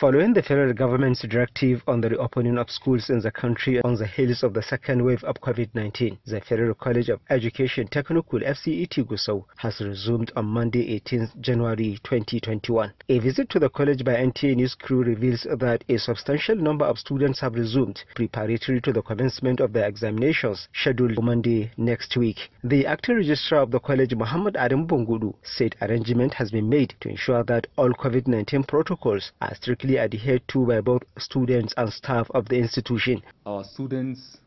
Following the federal government's directive on the reopening of schools in the country on the heels of the second wave of COVID-19, the Federal College of Education Technical FCET Gusau has resumed on Monday 18 January 2021. A visit to the college by NTA News crew reveals that a substantial number of students have resumed preparatory to the commencement of their examinations scheduled for Monday next week. The acting registrar of the college, Muhammad Adam Bungudu, said arrangement has been made to ensure that all COVID-19 protocols are strictly strictly adhered to by both students and staff of the institution. Our students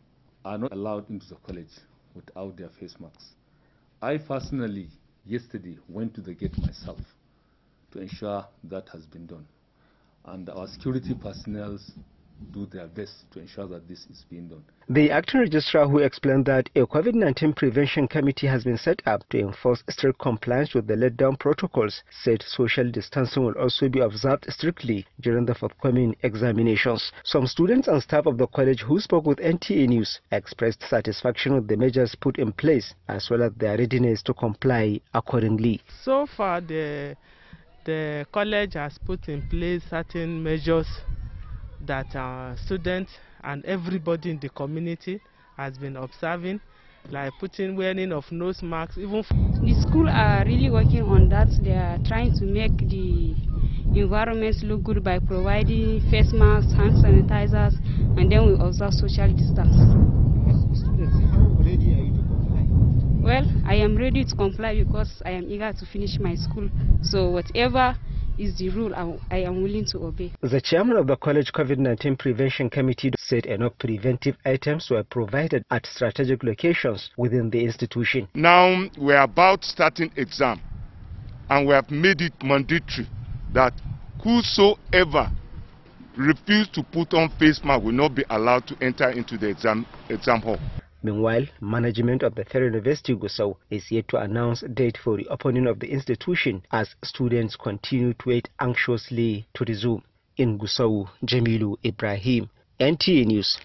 are not allowed into the college without their face masks. I personally, yesterday, went to the gate myself to ensure that has been done. And our security personnel do their best to ensure that this is being done. The acting registrar who explained that a COVID-19 prevention committee has been set up to enforce strict compliance with the letdown protocols said social distancing will also be observed strictly during the forthcoming examinations. Some students and staff of the college who spoke with NTA News expressed satisfaction with the measures put in place as well as their readiness to comply accordingly. So far the the college has put in place certain measures that uh, students and everybody in the community has been observing, like putting wearing of nose masks. Even the school are really working on that. They are trying to make the environments look good by providing face masks, hand sanitizers, and then we observe social distance. Well, I am ready to comply because I am eager to finish my school. So whatever is the rule I, I am willing to obey. The chairman of the college COVID-19 prevention committee said enough preventive items were provided at strategic locations within the institution. Now we are about starting exam and we have made it mandatory that whosoever refused to put on face mask will not be allowed to enter into the exam, exam hall. Meanwhile, management of the Federal University Gusau is yet to announce date for reopening of the institution as students continue to wait anxiously to resume. In Gusau, Jamilu Ibrahim, NTA News.